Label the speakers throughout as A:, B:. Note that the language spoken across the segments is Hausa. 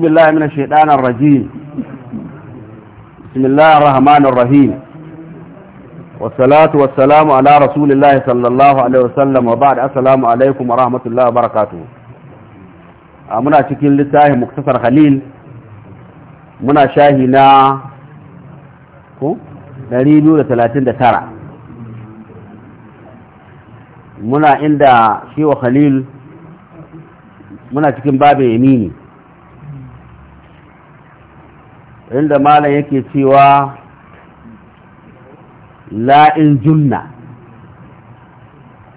A: بسم الله من الشيطان الرجيم بسم الله الرحمن الرحيم والصلاة والسلام على رسول الله صلى الله عليه وسلم وبعد السلام عليكم ورحمة الله وبركاته منا cikin littafin muktasar Khalil muna shahi na ko 239 muna inda shi wa Khalil muna cikin babin yamini inda malam yake cewa la'in junna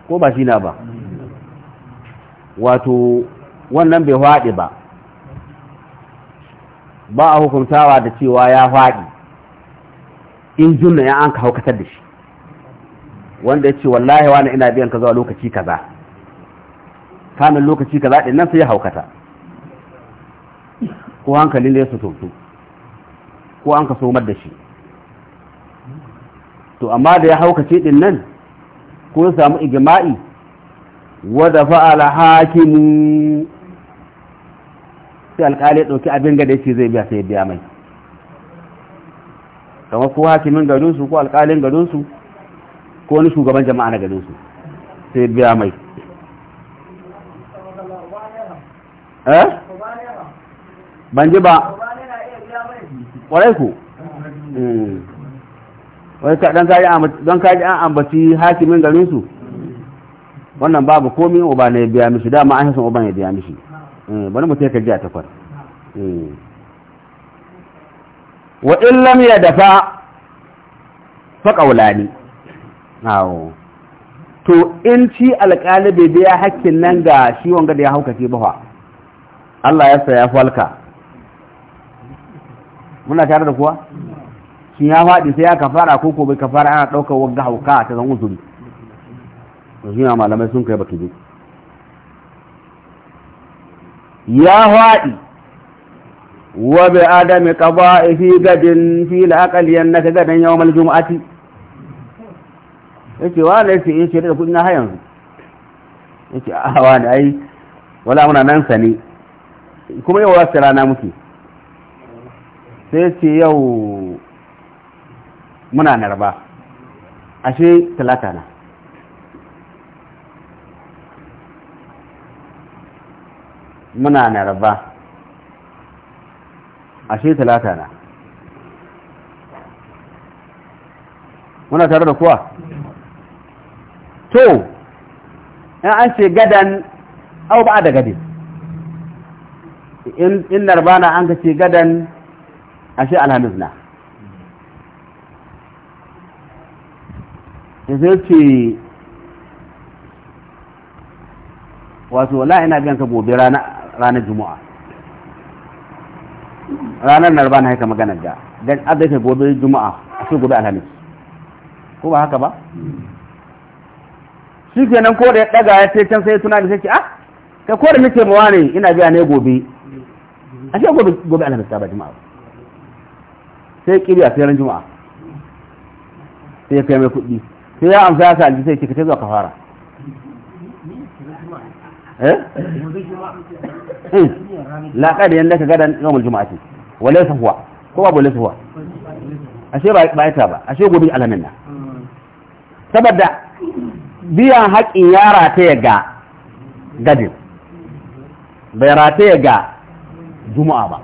A: ko ba shi na ba wato wannan bai faɗi ba ba a hukuntawa da cewa ya faɗi in junna ya an ka haukatar da shi wanda ya ce wallahi wani ina biyan ka zuwa lokaci kaza kamin lokaci kaza ɗin nan sai ya haukata ko hankali ne ya su tuntu ko an ka somar da shi to amma da ya haukace din nan ko ya samu igma'i wadda fa'ala hakimu sai alƙali ya ɗauki abin ga da yake zai biya sai ya biya mai kamar ko hakimin garinsu ko alƙalin garinsu ko wani shugaban jama'a na garinsu sai biya mai eh? ban ji ba kwarai ku wani kaɗan don kaji an ambaci hakimin garinsu wannan babu komi uba na ya biya mishi dama an hasan uban ya biya mishi wani hmm, mutum ka jiya takwar hmm. wa in lam ya dafa faƙaulani to in ci alƙali biya hakkin nan ga shi wanga da ya haukace ba Allah ya saya falka muna tare da kuwa shi ya faɗi sai ya kafara ko ko bai kafara ana ɗaukar wagga hauka ta zan uzuri to shi na malamai sun kai baki ya faɗi wa bi adami qada'i fi gadin fi al-aqal yanaka gadan yawm al-jum'ati yace wa ne sai yace da kudin ha yanzu yace a wa ne ai wala muna nan sani kuma yau wasu rana muke sai ce yau muna narba ashe talata na muna narba ashe talata na muna tare da kuwa to in an ce gadan au ba da gadi in narba na an ka ce gadan ashe alhamis na sai ce wato wala ina biyan ka gobe ranar juma'a ranar narba na haika maganar da don adaita gobe juma'a a su gobe alhamis ko ba haka ba shi kenan ko da ya daga ya can sai tuna da sai ah ka ko da nake mawa ne ina biya ne gobe a ce gobe alhamis ta ba juma'a sai kiri a sai juma'a sai ya kai mai kuɗi sai ya amsa ya sa alji sai kika zuwa kafara eh, eh. la kada yanda ka gadan yawmul juma'ati walaysa huwa ko ba laysa huwa ashe ba ba ita ba ashe gobe alamin na saboda biyan haƙin yara ta ga gadin bai rata ga juma'a ba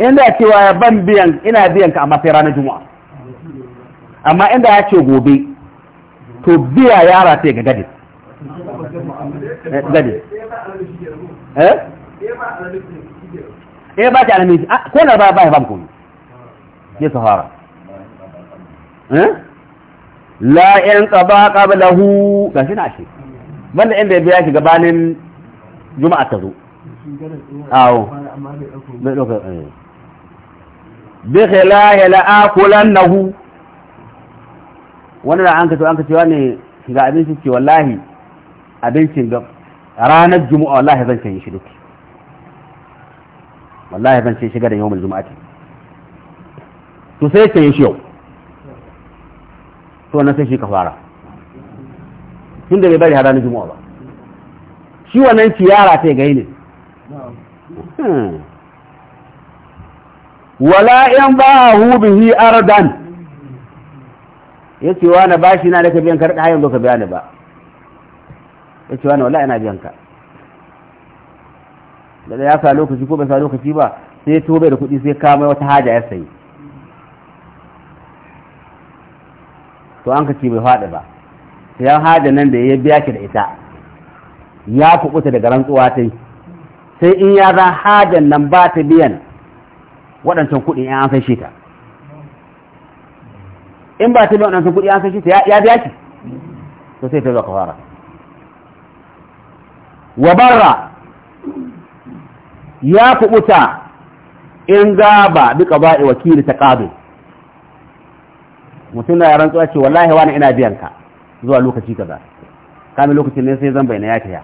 A: inda cewa ban biyan ina biyan ka amma sai ranar juma'a amma inda ya ce gobe to biya yara ce ga gadi eh, gadi eh eh ba ta alamin ah, ko na ba ba ba mu ya sahara eh la in qaba qablahu gashi na shi banda inda ya biya shi gabanin juma'a ta zo awo bai ɗaukar tsaye bi khilahi la'akulannahu wani da an ka an ka cewa ne shiga abinci ce wallahi abincin ga ranar juma'a wallahi zan cin shi duk wallahi zan cin shi da yawmul juma'ati to sai cin shi yau to na sai shi ka fara tun da bai bari har ranar juma'a ba shi wannan ciyara ta gaine wala in ba bihi ardan yace wa na bashi na da ka biyan karɗa yanzu ka biya ni ba yace wa na wala ina biyan ka da ya sa lokaci ko bai sa lokaci ba sai to bai da kuɗi sai ka mai wata haja ya sayi to an ka ci bai faɗi ba sai an haja nan da ya biya ki da ita ya kuɓuta daga rantsuwa ta sai in ya za hajan nan ba ta biyan waɗancan kuɗi ya san shi ta in ba ta bi waɗancan kuɗi ya san shi ta ya biya shi to sai ta zo kafara wa barra ya kubuta in gaba bi a wakili ta ƙado. mutum na rantsuwa ce wallahi wani ina biyan ka zuwa lokaci kaza kamin lokacin ne sai zan bayyana ya ya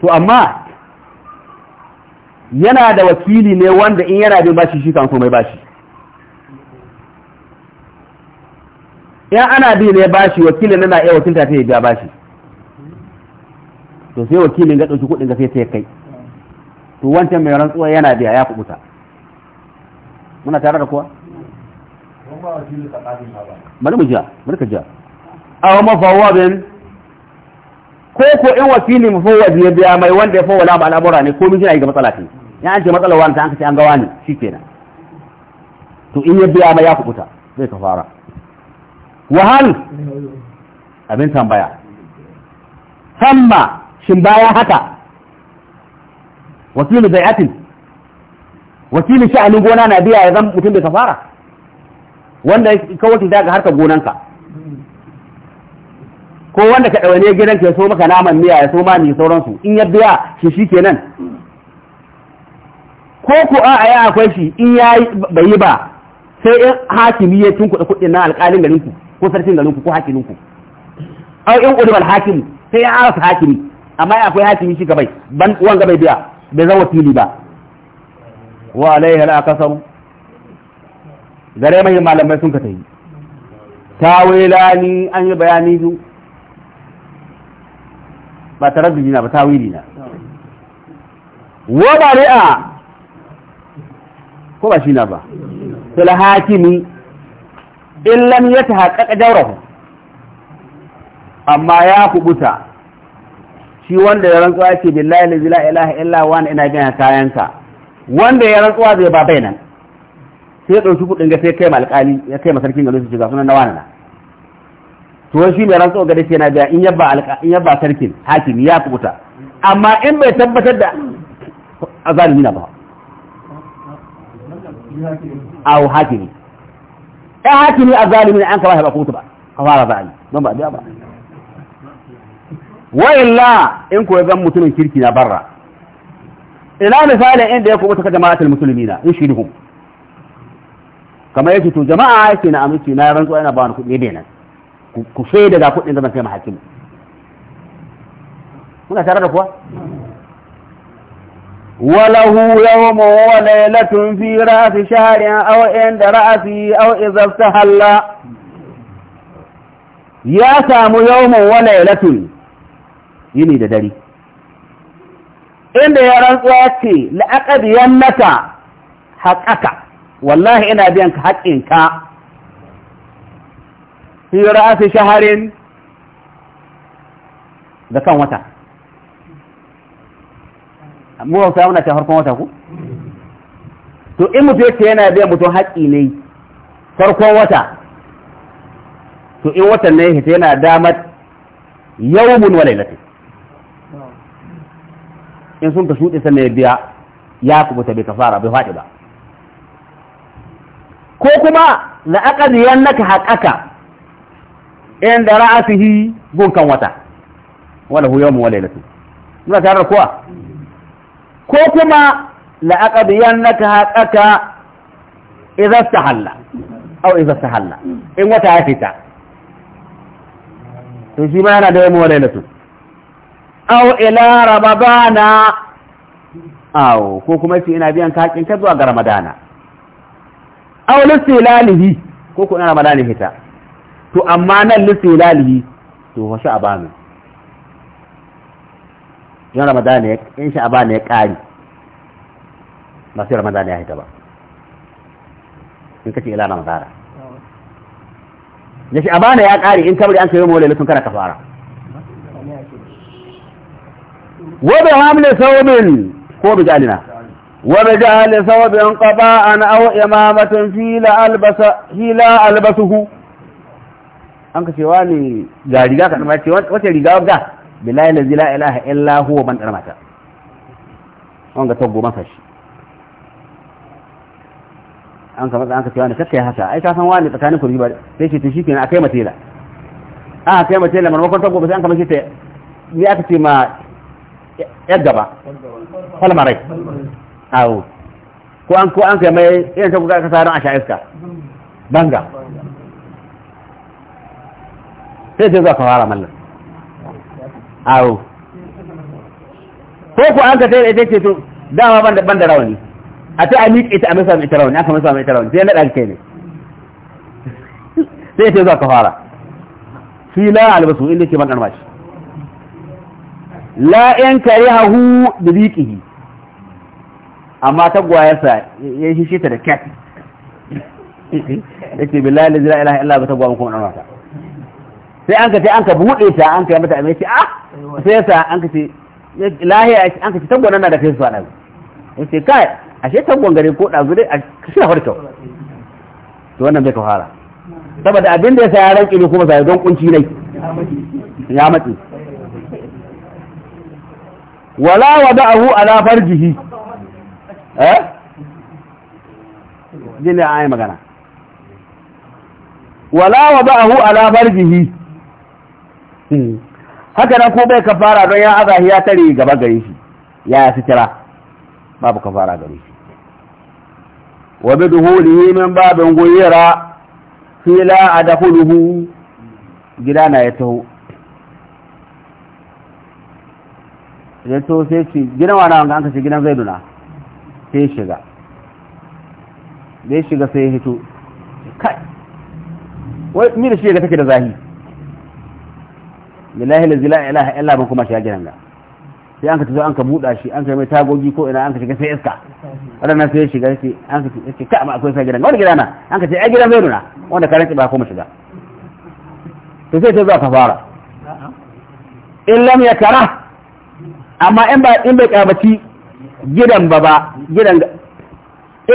A: to amma yana da wakili ne wanda in yana bin bashi shi kan so mai bashi in ana bi ne bashi wakilin nana iya wakilta ta yi biya bashi to sai wakilin ga ɗauki kuɗin ga sai sai kai to wancan mai rantsuwa yana biya ya kubuta muna tare da kuwa bari mu jiya bari ka jiya aw bin ko ko in wakili mafawadi ya biya mai wanda ya fawala lamu al'amura ne ko mijina yi ga matsala ce ya an ce matsalar wani ta an kace an gawa ne shi kenan to in ya biya ba ya kubuta zai ka fara wahal abin tambaya hamma shin baya haka wakilu bai'atin wakilin sha'anin gona na biya ya zama mutum bai fara wanda ka wakilta ga harkar gonanka ko wanda ka ɗaure gidanka ya so maka naman miya ya so ma ni sauransu in ya biya shi shi kenan ko ku a a akwai shi in ya bai yi ba sai in hakimi ya tunkuɗa kuɗin nan alƙalin garinku ko sarkin garinku ko hakiminku au in dubal hakimu sai ya arasa hakimi amma ya akwai hakimi shi gabai ban uwan gabai biya bai zama fili ba wa alaihi la kasam gare mai malamai sun ka tayi tawilani an yi bayani su ba tarabbi na ba tawili na wa bari'a ko ba shi na ba sula hakimi in lam haƙaƙa jawrahu amma ya kubuta shi wanda ya rantsuwa ce billahi la ilaha illa wa ina gina kayanka wanda ya rantsuwa zai ba bainan sai ya dauki kudin ga sai kai alƙali ya kai masarkin gano su shiga sunan na wani na to shi mai rantsuwa ga dace na biya in yabba alƙa in yabba sarkin hakimi ya kubuta amma in bai tabbatar da azalimi na ba aw hakimi eh hakimi azalimin an kaba ba kutu ba kafara zali don ba biya ba wa in ko zan mutumin kirki na barra ina misalin inda ya kubuta ka jama'atul muslimina in shirihum kamar yake to jama'a yake na aminci na rantsuwa yana ba ni kuɗi ne ku sai daga kuɗin zaman kai mahakim muna tare da kuwa وله يوم وليلة في رأس شهر أو عند رأسه أو إذا استهل يا سام يوم وليلة يني ددري inda ya rantsuwa ce la'aƙadiyan naka haƙaka wallahi ina biyan ka haƙinka fi ra'asi shaharin da kan wata mu muna ta farkon wata ku to in mutu yake yana biyan mutum haƙƙi ne farkon wata to in watan ne yake yana damar mun wa lati in sun ta shuɗe sannan ya biya ya kubuta bai kafara bai faɗi ba ko kuma la'aqadiyan naka in inda ra'asihi gunkan wata wala hu yawmun wa lailatin muna tare da kuwa ko kuma la'aqadiyannaka na ta stahalla aw ta halla in wata ya fita sun shi ma yana da yamu lailatu aw ila ramadana au ko kuma sai ina biyan kakin ka zuwa ga ramadana au lissi ko ko ina ramadana fita, to amma nan lalihi to a sha'banu in ramadana ya in sha'abana ya ƙari ba sai ramadana ya haita ba in kace ila ramadana da sha'abana ya ƙari in kabari an sayo mu lailatun kana kafara wadda bi hamli sawbin ko bi jalina wa bi jahli kaba qaba'an aw imamatan fi albasuhu an ka cewa ne ga riga ka ce wata riga ga billahi la zila ilaha illa huwa ban dar mata wanga ta goma fashi an ka matsa an ka cewa ne kakkai haka ai ka san wani tsakanin kurji ba sai ce to shikenan akai matela an kai mace da marmakon tagoba sai an ka kama ta yi aka ce ma yar gaba falmarai awo ko an ko an kai mai irin tagoba aka sarar a sha iska banga sai sai zuwa kawara mallan aro ko ku an ka tare ita ce to dama ban da ban da rawani a ta amik ita a misa mai rawani aka misa mai rawani sai na dalke ne sai ce ka fara fi la albasu inda ke ban dan mashi la yan karihahu bi riqihi amma ta sa ya shi shi ta da kyat yake bilal la ilaha illa ba ta gwa mun kuma dan mata sai an ka ce an ka buɗe ta an ka yi mata amince a ah sai yasa an ka ce lahiya an ka ce tabbon nan da kai su faɗa in ce kai ashe tabbon gare ko ɗazu dai a shi hawar kyau to wannan bai ka fara saboda abin da ya sa ya ranke ne kuma sai don kunci nai ya matsi wala wada'ahu ala farjihi eh jini ai magana wala wada'ahu ala farjihi Hmm. haka nan ko bai kafara don ya azahi ya tare gaba gare shi ya ya sitira babu kafara gare shi wa bi duhulihi min babin guyira fi la adkhuluhu gida na ya taho ya taho sai ce gidan wa nan an kace gidan zaiduna sai shiga sai ya shiga sai ya hito kai wai mira shi ga take da zahiri lillahi la ilaha illa ban kuma shi ya gidan ga sai an ka tazo an ka buɗa shi an ka mai tagogi ko ina an ka shiga sai iska waɗannan sai shiga sai an ka ce ka ma akwai sai gidan wani gida an ka ce ai gidan zai nuna wanda ka rantsi ba kuma shiga to sai ta zo ka fara in lam ya kara amma in ba in bai kamaci gidan ba ba gidan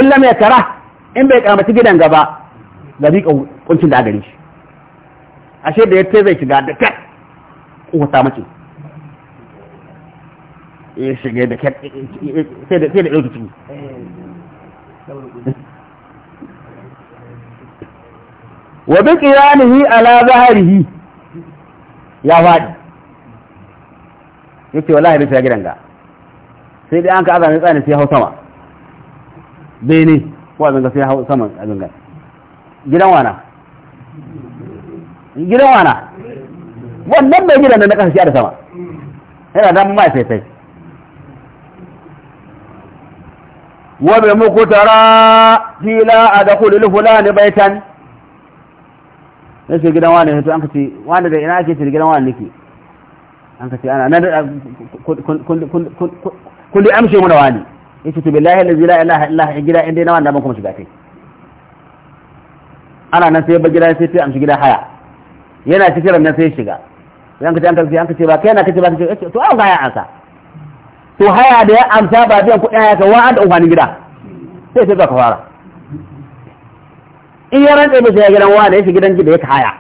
A: in lam ya kara in bai kamaci gidan ga ba da bi kuncin da gare shi ashe da ya tezai shiga da kai kuwata mace eh, ya shige eh, eh, da sai da ɗauki ciki wa bi qiyamihi ala zahrihi ya faɗi. yake yace wallahi bai gidan ga sai dai an ka azan tsani sai hau sama bai ne ko a ga sai hau sama a zanga gidan wana gidan wana wannan mai gidan na ƙasa shi da sama yana da mai faifai wa bi muku tara hila a da fulani baitan nace gidan wani to an kace wani da ina ake ce gidan wani nake an kace ana nan kulli amshi mun wani yace to billahi la ilaha illa gida inda na wannan ban kuma shiga kai ana nan sai ba gidan sai ta amshi gidan haya yana cikin ran sai shiga yanka ce an kace an kace ba kai na kace ba kace eh, to an ga ya ansa to haya da ya amsa ba biyan kuɗin haya ka wa an da umarnin gida sai sai ka fara in ya rantsa ba ya gidan wa da yake gidan gida yake haya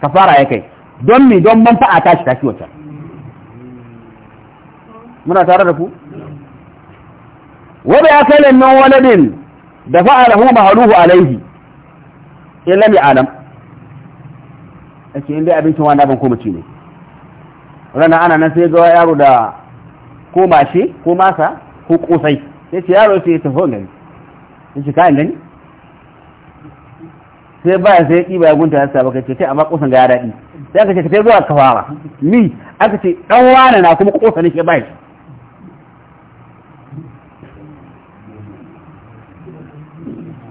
A: ka fara ya kai don mi don manfa'a ta shi tashi wata muna tare da ku wa ya akalin min waladin da fa'alahu mahluhu alaihi in lam alam ake inda abincin na ban ko ci ne wannan ana nan sai ga yaro da ko mace ko masa ko kosai sai ce yaro sai tafi gani sai ce kayan gani sai ba sai ya ɗiba ya gunta ya sa baka ce kai amma kosan ga ya daɗi sai aka ce ka zuwa ka fara ni aka ce ɗan wane na kuma kosa ne ke bai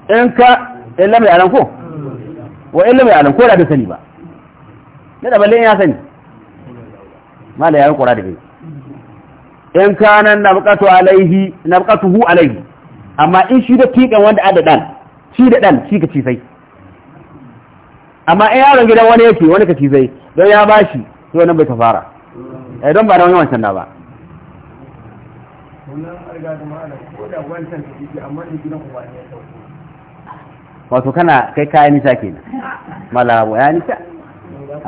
A: in ka in lamai alam wa in lamai alam da bai sani ba na da balle ya sani mala yayin kura da gai in kana nabqatu alaihi nabqatuhu alaihi amma in shi da tikan wanda ada dan shi da dan shi ka ci sai amma in yaron gidan wani yake wani ka ci sai don ya bashi to nan bai kafara eh don ba da wani wancan da ba wato kana kai kayan nisa kenan mala ya nisa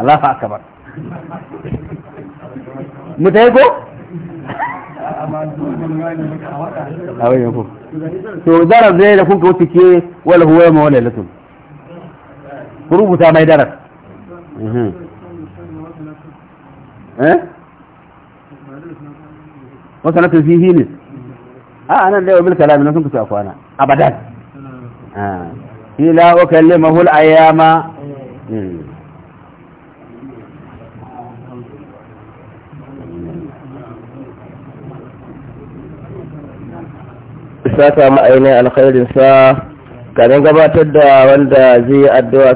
A: Allahu akbar mu ta ko a wani to darar zai da kuka wuce ke wala huwa ma wala latum ku rubuta mai darar mhm. eh wasa na tafi hini a anan da yau bil kalami na sun kusa kwana abadan ah. ila wa kallamahu al ayama hmm. saka ma'ainihin alkhairinsa kamin gabatar da wanda zai yi addu'a